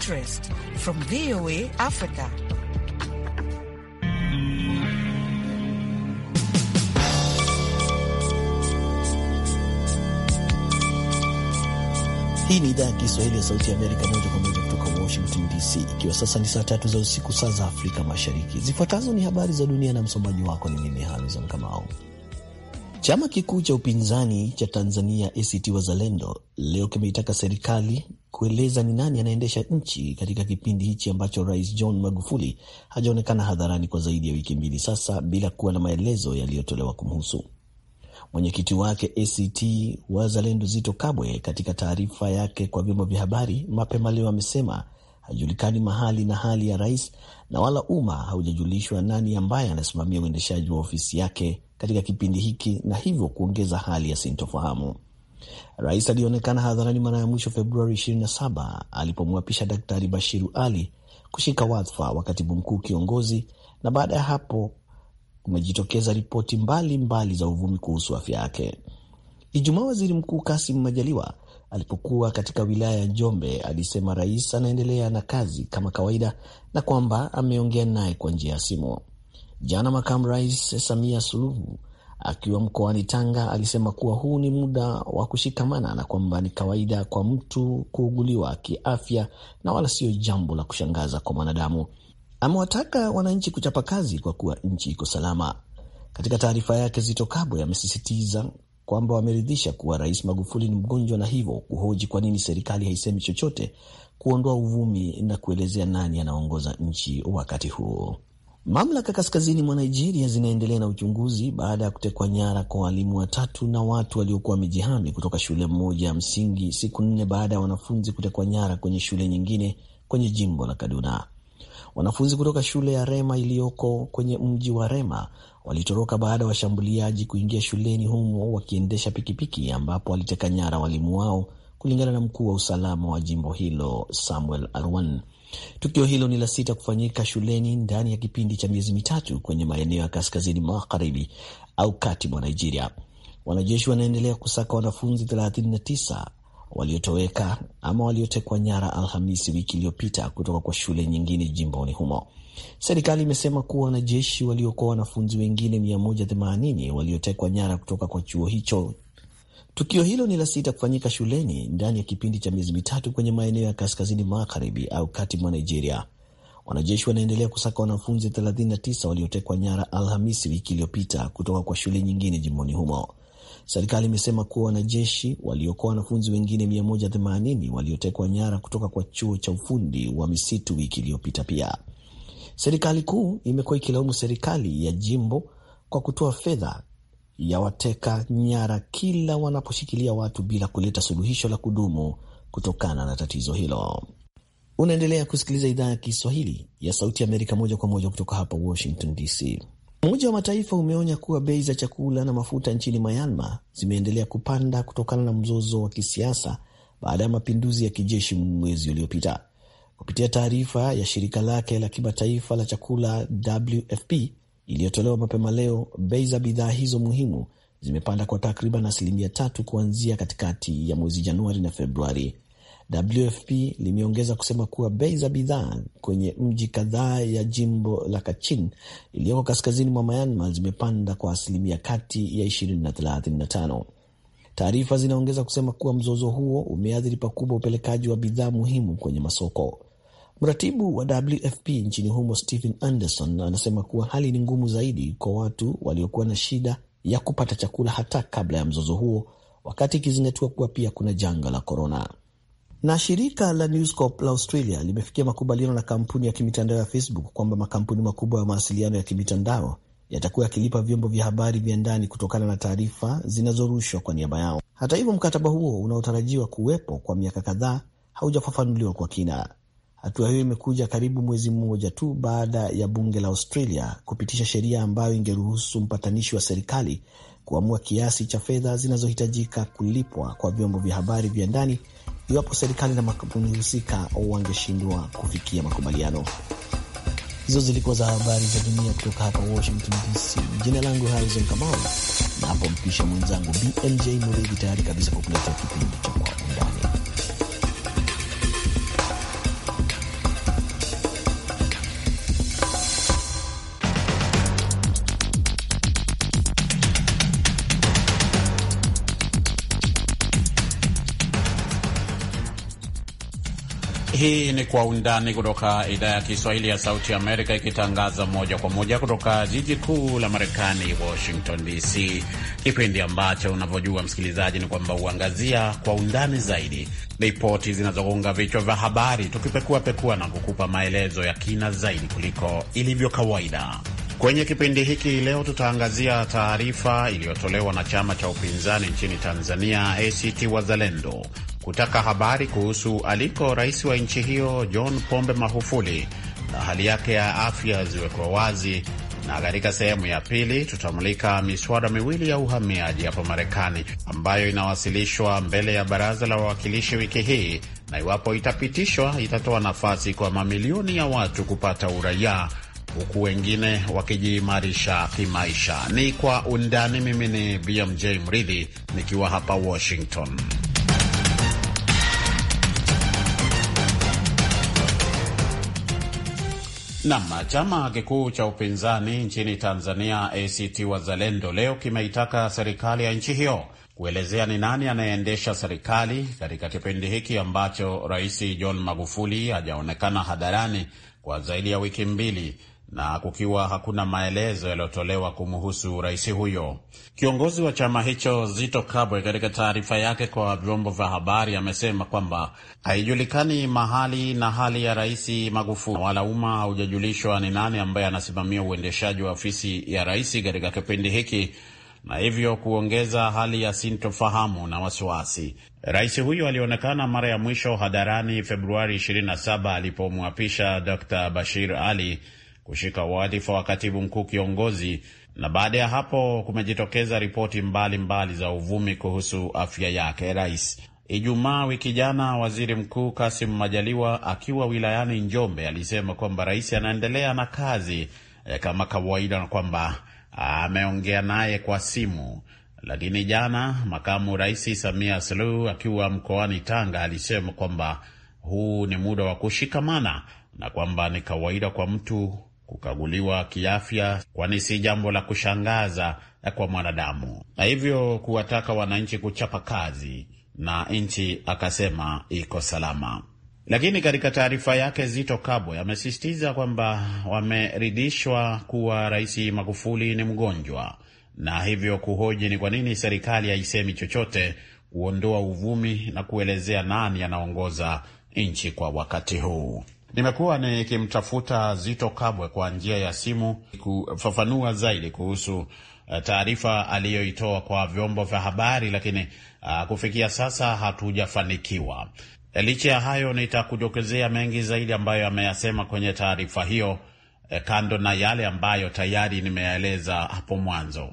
interest from VOA Africa. Hii ni idhaa ya Kiswahili ya Sauti ya Amerika moja kwa moja kutoka Washington DC, ikiwa sasa ni saa tatu za usiku, saa za Afrika Mashariki. Zifuatazo ni habari za dunia na msomaji wako ni mimi Harrison Kamau. Chama kikuu cha upinzani cha Tanzania ACT Wazalendo leo kimeitaka serikali kueleza ni nani anaendesha nchi katika kipindi hichi ambacho Rais John Magufuli hajaonekana hadharani kwa zaidi ya wiki mbili sasa bila kuwa na maelezo yaliyotolewa kumhusu. Mwenyekiti wake ACT Wazalendo Zito Kabwe, katika taarifa yake kwa vyombo vya habari mapema leo, amesema hajulikani mahali na hali ya rais na wala umma haujajulishwa nani ambaye anasimamia uendeshaji wa ofisi yake katika kipindi hiki, na hivyo kuongeza hali ya sintofahamu. Rais alionekana hadharani mara ya mwisho Februari 27 alipomwapisha Daktari Bashiru Ali kushika wadhifa wa katibu mkuu kiongozi, na baada ya hapo kumejitokeza ripoti mbalimbali za uvumi kuhusu afya yake. Ijumaa, waziri mkuu Kasim Majaliwa alipokuwa katika wilaya ya Njombe alisema rais anaendelea na kazi kama kawaida na kwamba ameongea naye kwa njia ya simu. Jana makamu rais Samia Suluhu Akiwa mkoani Tanga, alisema kuwa huu ni muda wa kushikamana na kwamba ni kawaida kwa mtu kuuguliwa kiafya na wala sio jambo la kushangaza kwa mwanadamu. Amewataka wananchi kuchapa kazi kwa kuwa nchi iko salama. Katika taarifa yake, Zito Kabwe amesisitiza kwamba wameridhisha kuwa Rais Magufuli ni mgonjwa na hivyo kuhoji kwa nini serikali haisemi chochote kuondoa uvumi na kuelezea nani anaongoza nchi wakati huo. Mamlaka kaskazini mwa Nigeria zinaendelea na uchunguzi baada ya kutekwa nyara kwa walimu watatu na watu waliokuwa wamejihami kutoka shule moja ya msingi siku nne baada ya wanafunzi kutekwa nyara kwenye shule nyingine kwenye jimbo la Kaduna. Wanafunzi kutoka shule ya Rema iliyoko kwenye mji wa Rema walitoroka baada ya washambuliaji kuingia shuleni humo wakiendesha pikipiki, ambapo waliteka nyara walimu wao, kulingana na mkuu wa usalama wa jimbo hilo Samuel Arwan. Tukio hilo ni la sita kufanyika shuleni ndani ya kipindi cha miezi mitatu kwenye maeneo ya kaskazini magharibi au kati mwa Nigeria. Wanajeshi wanaendelea kusaka wanafunzi 39 waliotoweka ama waliotekwa nyara Alhamisi wiki iliyopita kutoka kwa shule nyingine jimboni humo. Serikali imesema kuwa wanajeshi waliokoa wanafunzi wengine 180 waliotekwa nyara kutoka kwa chuo hicho Tukio hilo ni la sita kufanyika shuleni ndani ya kipindi cha miezi mitatu kwenye maeneo ya kaskazini magharibi au kati mwa Nigeria. Wanajeshi wanaendelea kusaka wanafunzi 39 waliotekwa nyara Alhamisi wiki iliyopita kutoka kwa shule nyingine jimboni humo. Serikali imesema kuwa wanajeshi waliokoa wanafunzi wengine 180 waliotekwa nyara kutoka kwa chuo cha ufundi wa misitu wiki iliyopita. Pia serikali kuu imekuwa ikilaumu serikali ya jimbo kwa kutoa fedha yawateka nyara kila wanaposhikilia watu bila kuleta suluhisho la kudumu kutokana na tatizo hilo. Unaendelea kusikiliza idhaa ya Kiswahili ya Sauti Amerika moja kwa moja kutoka hapa Washington DC. Umoja wa Mataifa umeonya kuwa bei za chakula na mafuta nchini Myanmar zimeendelea kupanda kutokana na mzozo wa kisiasa baada ya mapinduzi ya kijeshi mwezi uliopita. Kupitia taarifa ya shirika lake la kimataifa la chakula WFP, iliyotolewa mapema leo, bei za bidhaa hizo muhimu zimepanda kwa takriban asilimia tatu kuanzia katikati ya mwezi Januari na Februari. WFP limeongeza kusema kuwa bei za bidhaa kwenye mji kadhaa ya jimbo la Kachin iliyoko kaskazini mwa Myanmar zimepanda kwa asilimia kati ya 20 na 35. Taarifa zinaongeza kusema kuwa mzozo huo umeathiri pakubwa upelekaji wa bidhaa muhimu kwenye masoko. Mratibu wa WFP nchini humo Stephen Anderson anasema kuwa hali ni ngumu zaidi kwa watu waliokuwa na shida ya kupata chakula hata kabla ya mzozo huo, wakati ikizingatiwa kuwa pia kuna janga la korona. Na shirika la News Corp la Australia limefikia makubaliano na kampuni ya kimitandao ya Facebook kwamba makampuni makubwa ya mawasiliano ya kimitandao yatakuwa yakilipa vyombo vya habari vya ndani kutokana na taarifa zinazorushwa kwa niaba yao. Hata hivyo, mkataba huo unaotarajiwa kuwepo kwa miaka kadhaa haujafafanuliwa kwa kina. Hatua hiyo imekuja karibu mwezi mmoja tu baada ya bunge la Australia kupitisha sheria ambayo ingeruhusu mpatanishi wa serikali kuamua kiasi cha fedha zinazohitajika kulipwa kwa vyombo vya habari vya ndani iwapo serikali na makampuni husika wangeshindwa kufikia makubaliano. Hizo zilikuwa za habari za dunia kutoka hapa Washington DC. Jina langu Harrison Kamau, na hapo mpisha mwenzangu BMJ Muridhi tayari kabisa kwa kukuletea kipindi cha Kwa Undani. Hii ni Kwa Undani kutoka idhaa ya Kiswahili ya Sauti Amerika, ikitangaza moja kwa moja kutoka jiji kuu la Marekani, Washington DC, kipindi ambacho unavyojua msikilizaji ni kwamba huangazia kwa undani zaidi ripoti zinazogonga vichwa vya habari, tukipekuapekua na kukupa maelezo ya kina zaidi kuliko ilivyo kawaida. Kwenye kipindi hiki leo tutaangazia taarifa iliyotolewa na chama cha upinzani nchini Tanzania, ACT Wazalendo, kutaka habari kuhusu aliko rais wa nchi hiyo John Pombe Magufuli na hali yake ya afya ziwekwa wazi na katika sehemu ya pili tutamulika miswada miwili ya uhamiaji hapa Marekani ambayo inawasilishwa mbele ya baraza la wawakilishi wiki hii, na iwapo itapitishwa itatoa nafasi kwa mamilioni ya watu kupata uraia huku wengine wakijiimarisha kimaisha. Ni kwa undani. Mimi ni BMJ Mridhi nikiwa hapa Washington. Nam, chama kikuu cha upinzani nchini Tanzania ACT Wazalendo leo kimeitaka serikali ya nchi hiyo kuelezea ni nani anayeendesha serikali katika kipindi hiki ambacho Rais John Magufuli hajaonekana hadharani kwa zaidi ya wiki mbili na kukiwa hakuna maelezo yaliyotolewa kumhusu rais huyo. Kiongozi wa chama hicho Zito Kabwe, katika taarifa yake kwa vyombo vya habari, amesema kwamba haijulikani mahali na hali ya rais Magufuli wala umma haujajulishwa ni nani ambaye anasimamia uendeshaji wa ofisi ya rais katika kipindi hiki na hivyo kuongeza hali ya sintofahamu na wasiwasi. Rais huyo alionekana mara ya mwisho hadharani Februari 27 alipomwapisha Dr Bashir Ali kushika wadhifa wa katibu mkuu kiongozi, na baada ya hapo kumejitokeza ripoti mbalimbali za uvumi kuhusu afya yake rais. Ijumaa wiki jana, waziri mkuu Kasim Majaliwa akiwa wilayani Njombe alisema kwamba rais anaendelea na kazi eh, kama kawaida na kwamba ameongea naye kwa simu. Lakini jana makamu rais Samia Suluhu akiwa mkoani Tanga alisema kwamba huu ni muda wa kushikamana na kwamba ni kawaida kwa mtu kukaguliwa kiafya, kwani si jambo la kushangaza eh, kwa mwanadamu, na hivyo kuwataka wananchi kuchapa kazi na nchi akasema iko salama. Lakini katika taarifa yake Zito Kabwe amesisitiza kwamba wameridhishwa kuwa Rais Magufuli ni mgonjwa na hivyo kuhoji ni kwa nini serikali haisemi chochote kuondoa uvumi na kuelezea nani anaongoza nchi kwa wakati huu. Nimekuwa nikimtafuta Zito Kabwe kwa njia ya simu kufafanua zaidi kuhusu eh, taarifa aliyoitoa kwa vyombo vya habari, lakini uh, kufikia sasa hatujafanikiwa. Eh, licha ya hayo, nitakujokezea mengi zaidi ambayo ameyasema kwenye taarifa hiyo, eh, kando na yale ambayo tayari nimeyaeleza hapo mwanzo,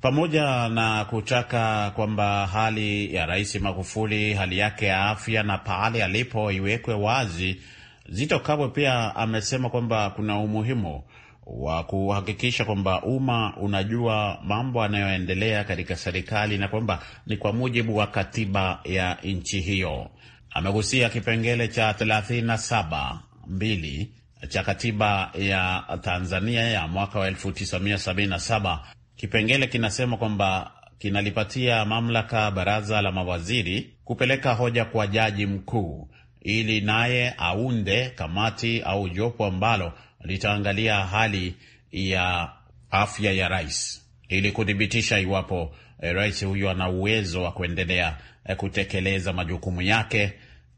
pamoja na kutaka kwamba hali ya Rais Magufuli, hali yake ya afya na pahali alipo iwekwe wazi Zito Kabwe pia amesema kwamba kuna umuhimu wa kuhakikisha kwamba umma unajua mambo yanayoendelea katika serikali na kwamba ni kwa mujibu wa katiba ya nchi hiyo. Amegusia kipengele cha 37 mbili cha katiba ya Tanzania ya mwaka wa 1977. Kipengele kinasema kwamba kinalipatia mamlaka baraza la mawaziri kupeleka hoja kwa jaji mkuu ili naye aunde kamati au jopo ambalo litaangalia hali ya afya ya rais ili kuthibitisha iwapo eh, rais huyu ana uwezo wa kuendelea eh, kutekeleza majukumu yake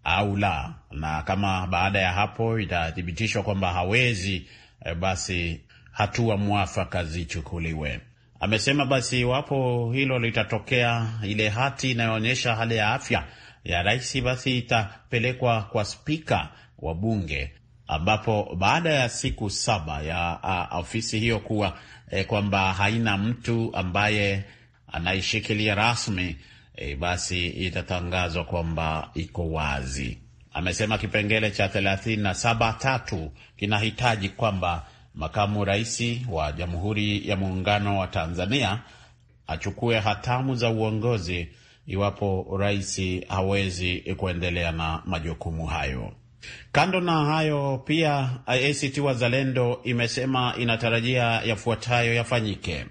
au la, na kama baada ya hapo itathibitishwa kwamba hawezi eh, basi hatua mwafaka zichukuliwe. Amesema basi iwapo hilo litatokea, ile hati inayoonyesha hali ya afya ya rais basi itapelekwa kwa spika wa bunge ambapo baada ya siku saba ya a, ofisi hiyo kuwa e, kwamba haina mtu ambaye anaishikilia rasmi e, basi itatangazwa kwamba iko wazi. Amesema kipengele cha thelathini na saba tatu kinahitaji kwamba makamu rais wa Jamhuri ya Muungano wa Tanzania achukue hatamu za uongozi iwapo rais hawezi kuendelea na majukumu hayo. Kando na hayo pia, ACT Wazalendo imesema inatarajia yafuatayo yafanyike.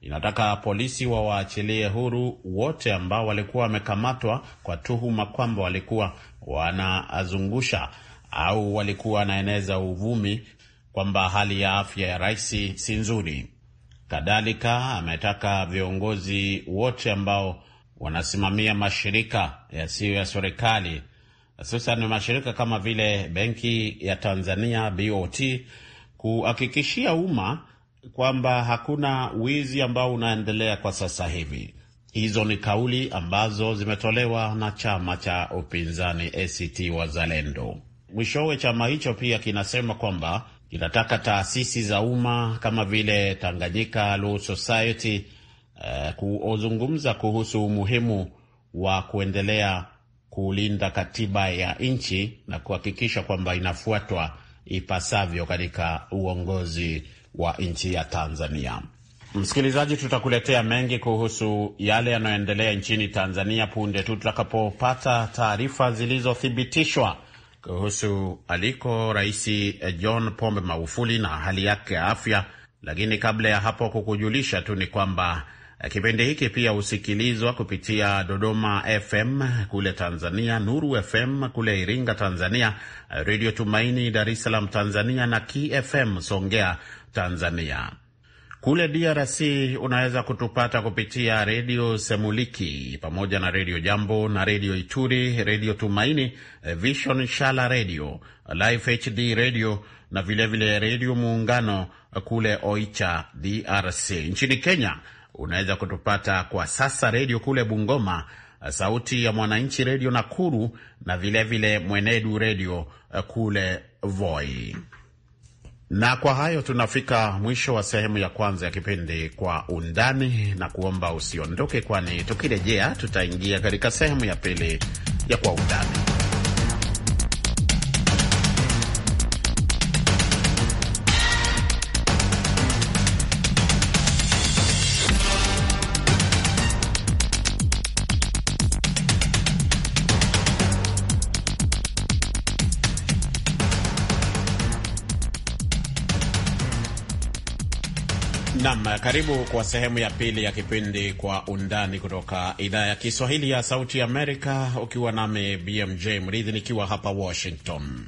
Inataka polisi wawaachilie huru wote ambao walikuwa wamekamatwa kwa tuhuma kwamba walikuwa wanazungusha au walikuwa wanaeneza uvumi kwamba hali ya afya ya rais si nzuri. Kadhalika ametaka viongozi wote ambao wanasimamia mashirika yasiyo ya serikali, hususan mashirika kama vile Benki ya Tanzania BOT, kuhakikishia umma kwamba hakuna wizi ambao unaendelea kwa sasa hivi. Hizo ni kauli ambazo zimetolewa na chama cha upinzani ACT Wazalendo. Mwishowe, chama hicho pia kinasema kwamba kinataka taasisi za umma kama vile Tanganyika Law Society eh, kuzungumza kuhusu umuhimu wa kuendelea kulinda katiba ya nchi na kuhakikisha kwamba inafuatwa ipasavyo katika uongozi wa nchi ya Tanzania. Msikilizaji, tutakuletea mengi kuhusu yale yanayoendelea nchini Tanzania punde tu tutakapopata taarifa zilizothibitishwa kuhusu aliko Rais John Pombe Magufuli na hali yake ya afya. Lakini kabla ya hapo, kukujulisha tu ni kwamba Eh, kipindi hiki pia husikilizwa kupitia Dodoma FM kule Tanzania, Nuru FM kule Iringa Tanzania, eh, Redio Tumaini Dar es Salaam Tanzania na KFM Songea Tanzania. Kule DRC unaweza kutupata kupitia Redio Semuliki pamoja na Redio Jambo na Redio Ituri, Redio Tumaini, eh, Vision Shala redio Life HD redio na vilevile Redio Muungano kule Oicha, DRC. Nchini Kenya Unaweza kutupata kwa sasa redio kule Bungoma, Sauti ya Mwananchi redio Nakuru na vilevile vile Mwenedu redio eh, kule Voi. Na kwa hayo tunafika mwisho wa sehemu ya kwanza ya kipindi Kwa Undani, na kuomba usiondoke, kwani tukirejea tutaingia katika sehemu ya pili ya Kwa Undani. Nam, karibu kwa sehemu ya pili ya kipindi Kwa Undani kutoka idhaa ya Kiswahili ya Sauti Amerika, ukiwa nami BMJ Mridhi nikiwa hapa Washington.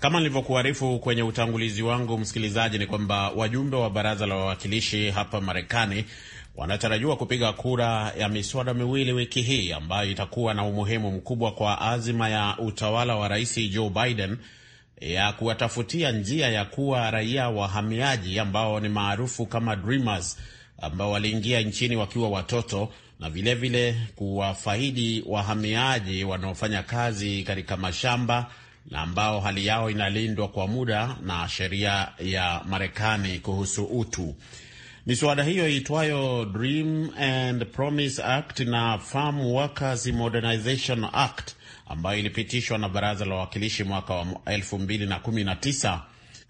Kama nilivyokuarifu kwenye utangulizi wangu, msikilizaji, ni kwamba wajumbe wa baraza la wawakilishi hapa Marekani wanatarajiwa kupiga kura ya miswada miwili wiki hii ambayo itakuwa na umuhimu mkubwa kwa azima ya utawala wa Rais Joe Biden ya kuwatafutia njia ya kuwa raia wahamiaji ambao ni maarufu kama dreamers ambao waliingia nchini wakiwa watoto na vilevile kuwafaidi wahamiaji wanaofanya kazi katika mashamba na ambao hali yao inalindwa kwa muda na sheria ya Marekani kuhusu utu. Miswada hiyo iitwayo Dream and Promise Act na Farm Workers Modernization Act ambayo ilipitishwa na baraza la wawakilishi mwaka wa 2019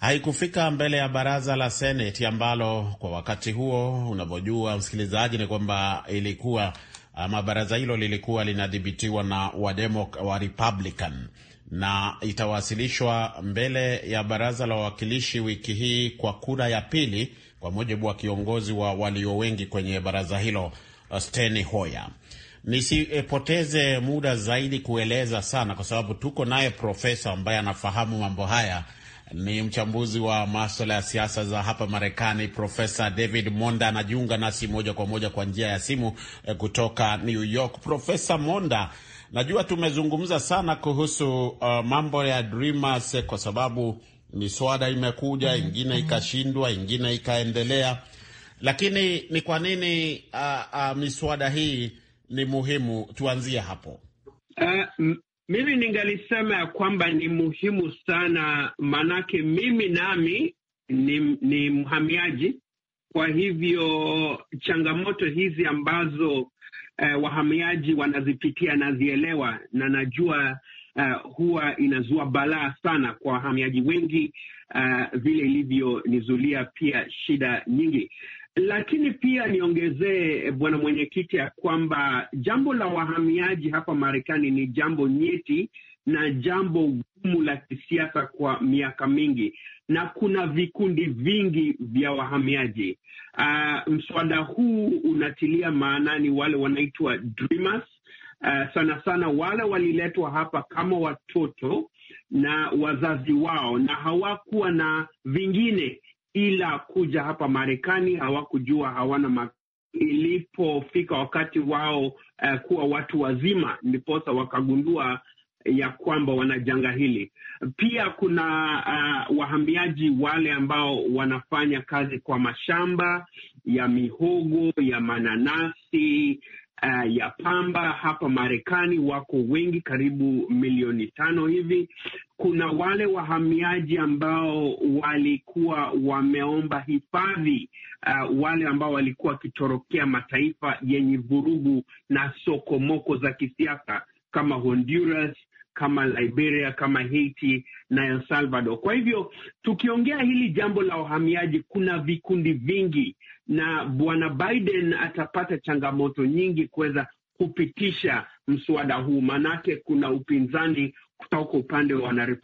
haikufika mbele ya baraza la seneti ambalo kwa wakati huo, unavyojua msikilizaji, ni kwamba ilikuwa ama baraza hilo lilikuwa linadhibitiwa na wademok wa Republican na itawasilishwa mbele ya baraza la wawakilishi wiki hii kwa kura ya pili, kwa mujibu wa kiongozi wa walio wengi kwenye baraza hilo Steny Hoyer nisipoteze muda zaidi kueleza sana, kwa sababu tuko naye profesa ambaye anafahamu mambo haya. Ni mchambuzi wa maswala ya siasa za hapa Marekani. Profesa David Monda anajiunga nasi moja kwa moja kwa njia ya simu eh, kutoka New York. Profesa Monda, najua tumezungumza sana kuhusu uh, mambo ya Dreamers eh, kwa sababu miswada imekuja mhm, ingine mhm. ikashindwa, ingine ikaendelea, lakini ni kwa nini uh, uh, miswada hii ni muhimu? Tuanzie hapo. Uh, mimi ningalisema ya kwamba ni muhimu sana, maanake mimi nami ni, ni mhamiaji. Kwa hivyo changamoto hizi ambazo uh, wahamiaji wanazipitia nazielewa, na najua uh, huwa inazua balaa sana kwa wahamiaji wengi, uh, vile ilivyonizulia pia shida nyingi. Lakini pia niongezee, eh, bwana mwenyekiti, ya kwamba jambo la wahamiaji hapa Marekani ni jambo nyeti na jambo gumu la kisiasa kwa miaka mingi, na kuna vikundi vingi vya wahamiaji. Uh, mswada huu unatilia maanani wale wanaitwa dreamers. Uh, sana sana wale waliletwa hapa kama watoto na wazazi wao na hawakuwa na vingine ila kuja hapa Marekani hawakujua hawana ma ilipofika wakati wao uh, kuwa watu wazima, ndiposa wakagundua ya kwamba wana janga hili. Pia kuna uh, wahamiaji wale ambao wanafanya kazi kwa mashamba ya mihogo ya mananasi uh, ya pamba hapa Marekani wako wengi, karibu milioni tano hivi. Kuna wale wahamiaji ambao walikuwa wameomba hifadhi uh, wale ambao walikuwa wakitorokea mataifa yenye vurugu na sokomoko za kisiasa kama Honduras kama Liberia, kama Haiti na El Salvador. Kwa hivyo tukiongea hili jambo la uhamiaji, kuna vikundi vingi, na bwana Biden atapata changamoto nyingi kuweza kupitisha mswada huu, maanake kuna upinzani kutoka upande wa wana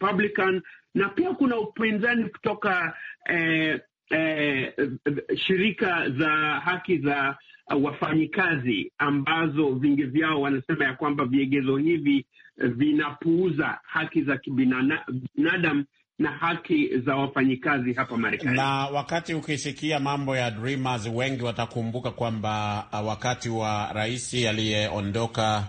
na pia kuna upinzani kutoka eh, eh, shirika za haki za wafanyikazi ambazo vingi vyao wanasema ya kwamba viegezo hivi vinapuuza haki za kibinadamu na haki za wafanyikazi hapa Marekani. Na wakati ukisikia mambo ya Dreamers, wengi watakumbuka kwamba ah, wakati wa rais aliyeondoka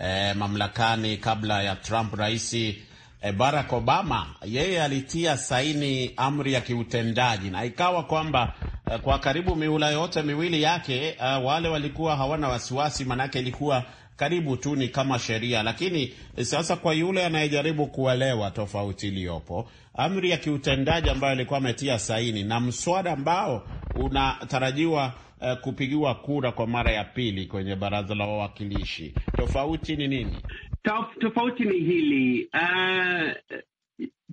eh, mamlakani kabla ya Trump, rais eh, Barack Obama, yeye alitia saini amri ya kiutendaji na ikawa kwamba eh, kwa karibu miula yote miwili yake eh, wale walikuwa hawana wasiwasi, manake ilikuwa karibu tu ni kama sheria, lakini sasa kwa yule anayejaribu kuelewa tofauti iliyopo, amri ya kiutendaji ambayo alikuwa ametia saini na mswada ambao unatarajiwa uh, kupigiwa kura kwa mara ya pili kwenye baraza la wawakilishi, tofauti ni nini? Tof, tofauti ni hili uh,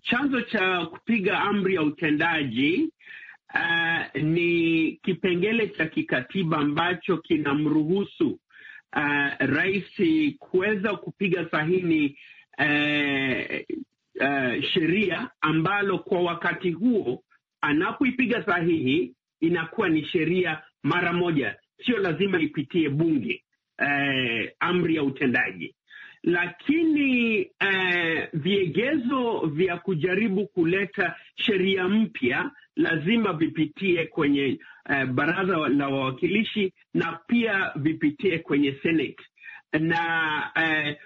chanzo cha kupiga amri ya utendaji uh, ni kipengele cha kikatiba ambacho kinamruhusu uh, rais kuweza kupiga sahini uh, uh, sheria ambalo kwa wakati huo anapoipiga sahihi inakuwa ni sheria mara moja, sio lazima ipitie bunge, uh, amri ya utendaji lakini eh, viegezo vya kujaribu kuleta sheria mpya lazima vipitie kwenye eh, baraza la wawakilishi na pia vipitie kwenye Senate na eh,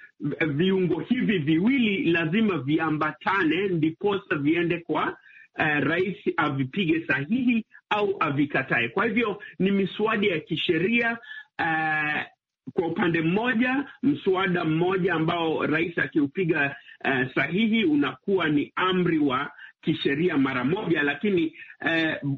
viungo hivi viwili lazima viambatane, ndiposa viende kwa uh, rais avipige sahihi au avikatae. Kwa hivyo ni miswada ya kisheria eh, kwa upande mmoja mswada mmoja ambao rais akiupiga uh, sahihi unakuwa ni amri wa kisheria mara moja, lakini uh,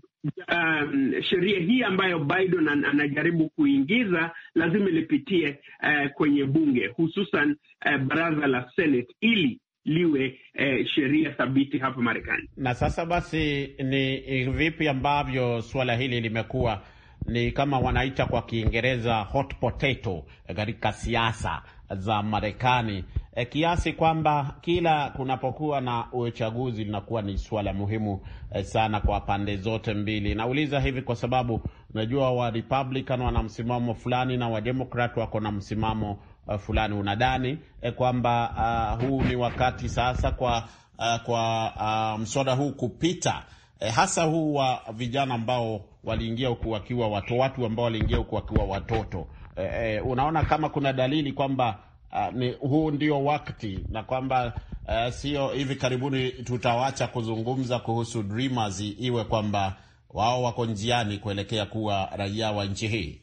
Um, sheria hii ambayo Biden anajaribu kuingiza lazima lipitie uh, kwenye bunge hususan uh, baraza la Senate ili liwe uh, sheria thabiti hapa Marekani. Na sasa basi, ni vipi ambavyo suala hili limekuwa ni kama wanaita kwa Kiingereza hot potato eh, katika siasa za Marekani e, kiasi kwamba kila kunapokuwa na uchaguzi linakuwa ni suala muhimu e, sana kwa pande zote mbili. Nauliza hivi kwa sababu unajua wa Republican wana msimamo fulani na wa Democrat wako na msimamo uh, fulani. Unadhani e, kwamba uh, huu ni wakati sasa kwa uh, kwa uh, mswada huu kupita eh, hasa huu wa vijana ambao waliingia huku wakiwa watu watu ambao waliingia huku wakiwa watoto eh, eh, unaona kama kuna dalili kwamba Uh, ni huu ndio wakati na kwamba uh, sio hivi karibuni tutawacha kuzungumza kuhusu dreamers iwe kwamba wao wako njiani kuelekea kuwa raia wa nchi hii.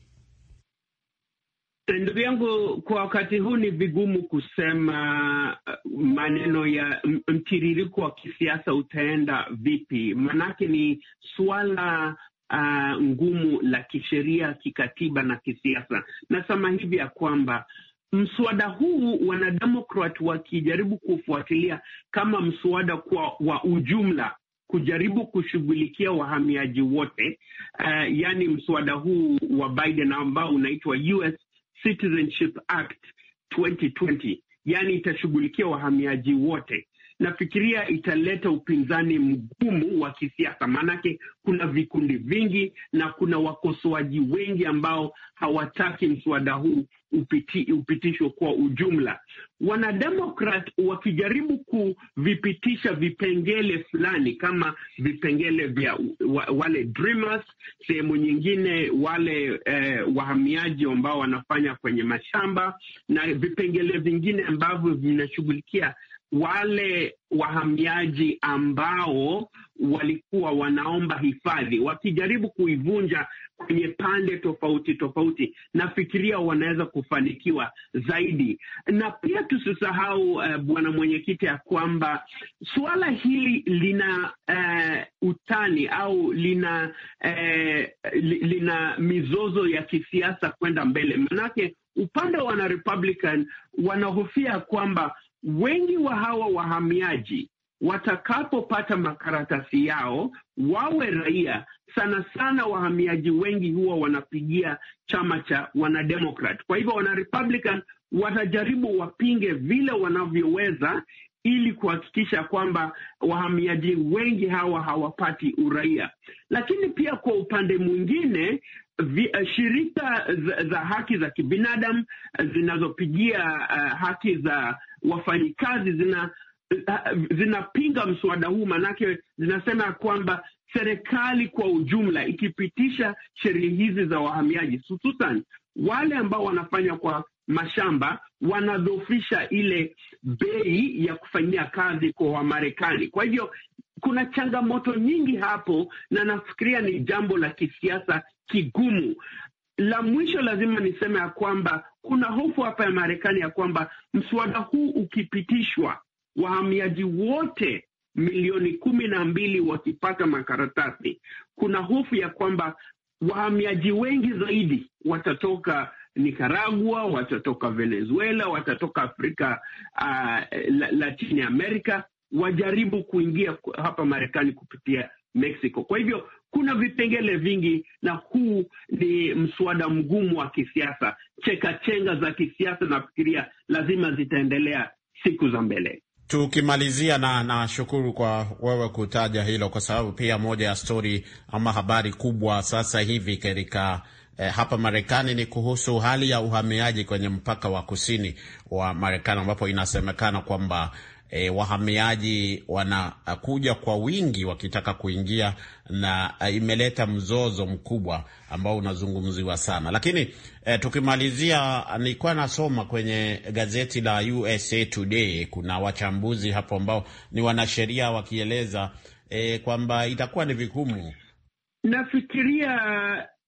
Ndugu yangu, kwa wakati huu ni vigumu kusema uh, maneno ya mtiririko wa kisiasa utaenda vipi, maanake ni suala uh, ngumu la kisheria, kikatiba na kisiasa. Nasema hivi ya kwamba mswada huu wanademokrat wakijaribu kufuatilia kama mswada kwa wa ujumla kujaribu kushughulikia wahamiaji wote uh, yaani mswada huu wa Biden ambao unaitwa US Citizenship Act 2020, yaani itashughulikia wahamiaji wote nafikiria italeta upinzani mgumu wa kisiasa, maanake kuna vikundi vingi na kuna wakosoaji wengi ambao hawataki mswada huu upiti, upitishwe kwa ujumla. Wanademokrat wakijaribu kuvipitisha vipengele fulani kama vipengele vya wale dreamers, sehemu nyingine wale eh, wahamiaji ambao wanafanya kwenye mashamba na vipengele vingine ambavyo vinashughulikia wale wahamiaji ambao walikuwa wanaomba hifadhi wakijaribu kuivunja kwenye pande tofauti tofauti, nafikiria wanaweza kufanikiwa zaidi. Na pia tusisahau, uh, bwana mwenyekiti, ya kwamba suala hili lina uh, utani au lina uh, lina mizozo ya kisiasa kwenda mbele, manake upande wa wanarepublican wanahofia kwamba wengi wa hawa wahamiaji watakapopata makaratasi yao wawe raia. Sana sana wahamiaji wengi huwa wanapigia chama cha wanademokrat. Kwa hivyo wanarepublican watajaribu wapinge vile wanavyoweza, ili kuhakikisha kwamba wahamiaji wengi hawa hawapati uraia. Lakini pia kwa upande mwingine eh, shirika za haki za kibinadamu zinazopigia eh, haki za wafanyikazi zina eh, zinapinga mswada huu, manake zinasema ya kwamba serikali kwa ujumla ikipitisha sheria hizi za wahamiaji, hususan wale ambao wanafanya kwa mashamba, wanadhofisha ile bei ya kufanyia kazi kwa Wamarekani. Kwa hivyo kuna changamoto nyingi hapo, na nafikiria ni jambo la kisiasa kigumu. La mwisho lazima niseme ya kwamba kuna hofu hapa ya Marekani ya kwamba mswada huu ukipitishwa, wahamiaji wote milioni kumi na mbili wakipata makaratasi, kuna hofu ya kwamba wahamiaji wengi zaidi watatoka Nicaragua, watatoka Venezuela, watatoka Afrika uh, ah, Latini Amerika wajaribu kuingia hapa Marekani kupitia Mexico. Kwa hivyo kuna vipengele vingi, na huu ni mswada mgumu wa kisiasa. Chekachenga za kisiasa nafikiria lazima zitaendelea siku za mbele. Tukimalizia na nashukuru kwa wewe kutaja hilo, kwa sababu pia moja ya stori ama habari kubwa sasa hivi katika eh, hapa Marekani ni kuhusu hali ya uhamiaji kwenye mpaka wa kusini wa Marekani, ambapo inasemekana kwamba e, wahamiaji wanakuja kwa wingi wakitaka kuingia na e, imeleta mzozo mkubwa ambao unazungumziwa sana. Lakini e, tukimalizia, nilikuwa nasoma kwenye gazeti la USA Today, kuna wachambuzi hapo ambao ni wanasheria wakieleza e, kwamba itakuwa ni vigumu. Nafikiria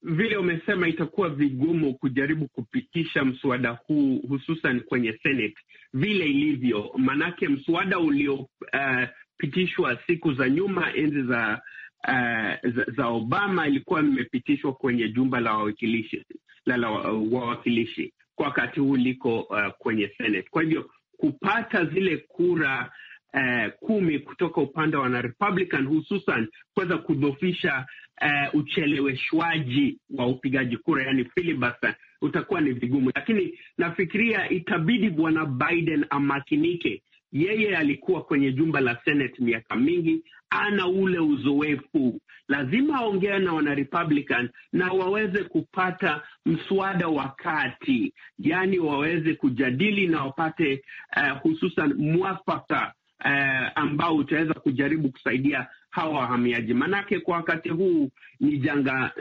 vile umesema, itakuwa vigumu kujaribu kupitisha mswada huu hususan kwenye Senate vile ilivyo, manake mswada uliopitishwa eh, uh, siku za nyuma enzi za, uh, za za Obama ilikuwa imepitishwa kwenye jumba la wawakilishi la la wawakilishi kwa wakati huu liko uh, kwenye Senate. Kwa hivyo kupata zile kura eh, kumi kutoka upande wa wanarepublican hususan kuweza kudhofisha eh, ucheleweshwaji wa upigaji kura, yani filibuster utakuwa ni vigumu, lakini nafikiria itabidi bwana Biden amakinike. Yeye alikuwa kwenye jumba la Senate miaka mingi, ana ule uzoefu. Lazima aongea na wanarepublican na waweze kupata mswada wa kati, yani waweze kujadili na wapate uh, hususan mwafaka eh, ambao utaweza kujaribu kusaidia hawa wahamiaji, manake kwa wakati huu ni janga,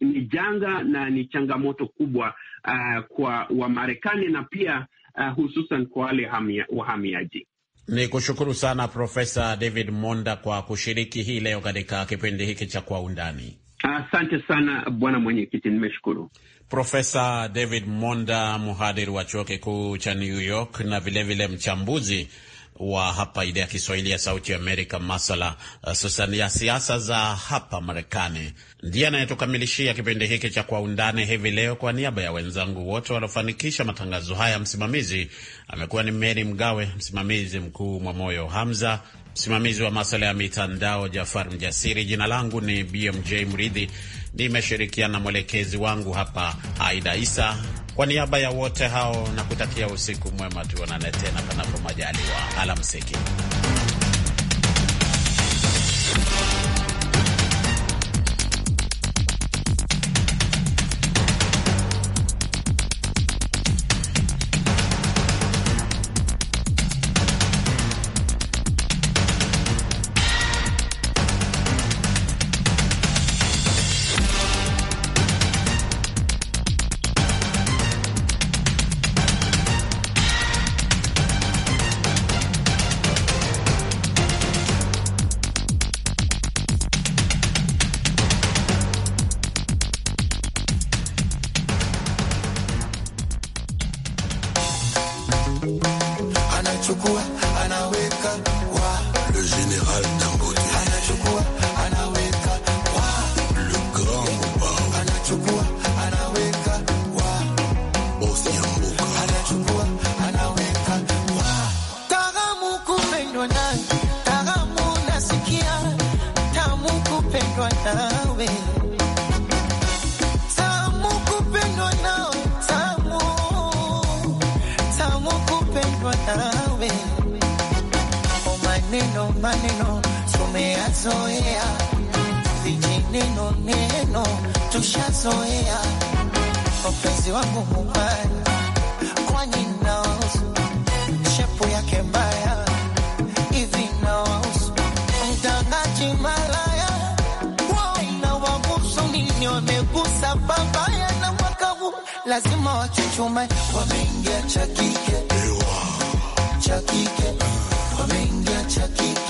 ni janga na ni changamoto kubwa eh, kwa Wamarekani na pia eh, hususan kwa wale wahamiaji. Ni kushukuru sana Profesa David Monda kwa kushiriki hii leo katika kipindi hiki cha Kwa Undani. Asante uh, sana bwana mwenyekiti, nimeshukuru. Profesa David Monda, mhadhiri wa chuo kikuu cha New York na vilevile vile mchambuzi wa hapa idhaa ya Kiswahili ya Sauti ya Amerika, masala uh, hususan ya siasa za hapa Marekani, ndiye anayetukamilishia kipindi hiki cha Kwa Undani hivi leo. Kwa niaba ya wenzangu wote waliofanikisha matangazo haya, msimamizi amekuwa ni Meri Mgawe, msimamizi mkuu Mwamoyo Hamza, msimamizi wa masala ya mitandao Jafar Mjasiri. Jina langu ni BMJ Mridhi. Nimeshirikiana mwelekezi wangu hapa Aida Isa. Kwa niaba ya wote hao na kutakia usiku mwema, tuonane tena panapo majaliwa. Alamsiki. tushazoea, viji neno neno tushazoea, mpenzi wangu mubaya, kwani shepu yake mbaya hivi, mtangaji malaya, nini, wamegusa babaya na mwakavu, lazima wachuchume, wameingia chakike chakike, wameingia chakike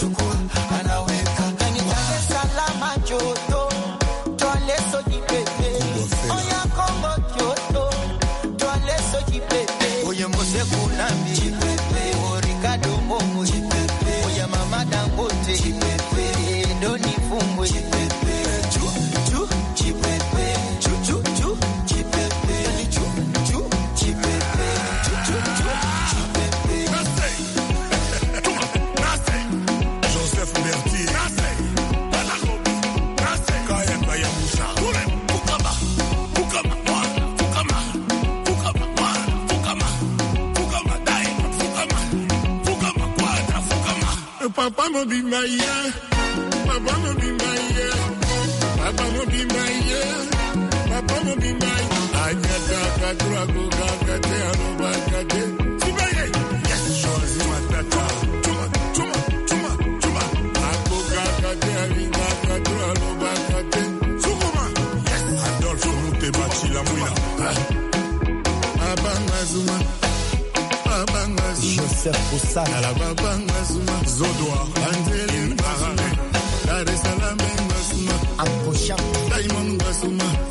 Rádio Papa no be my yeah. Papa no be my yeah. Papa no be my yeah. Papa no be my yeah. Anya ta ka kura ko ka te ano ba ka te. Yes, sure is my tata. Tuma, tuma, tuma, tuma. Ako ka te ani ka ka kura Yes. Adolfo Muteba Chilamuina. Abang Mazuma. chef kosala approchant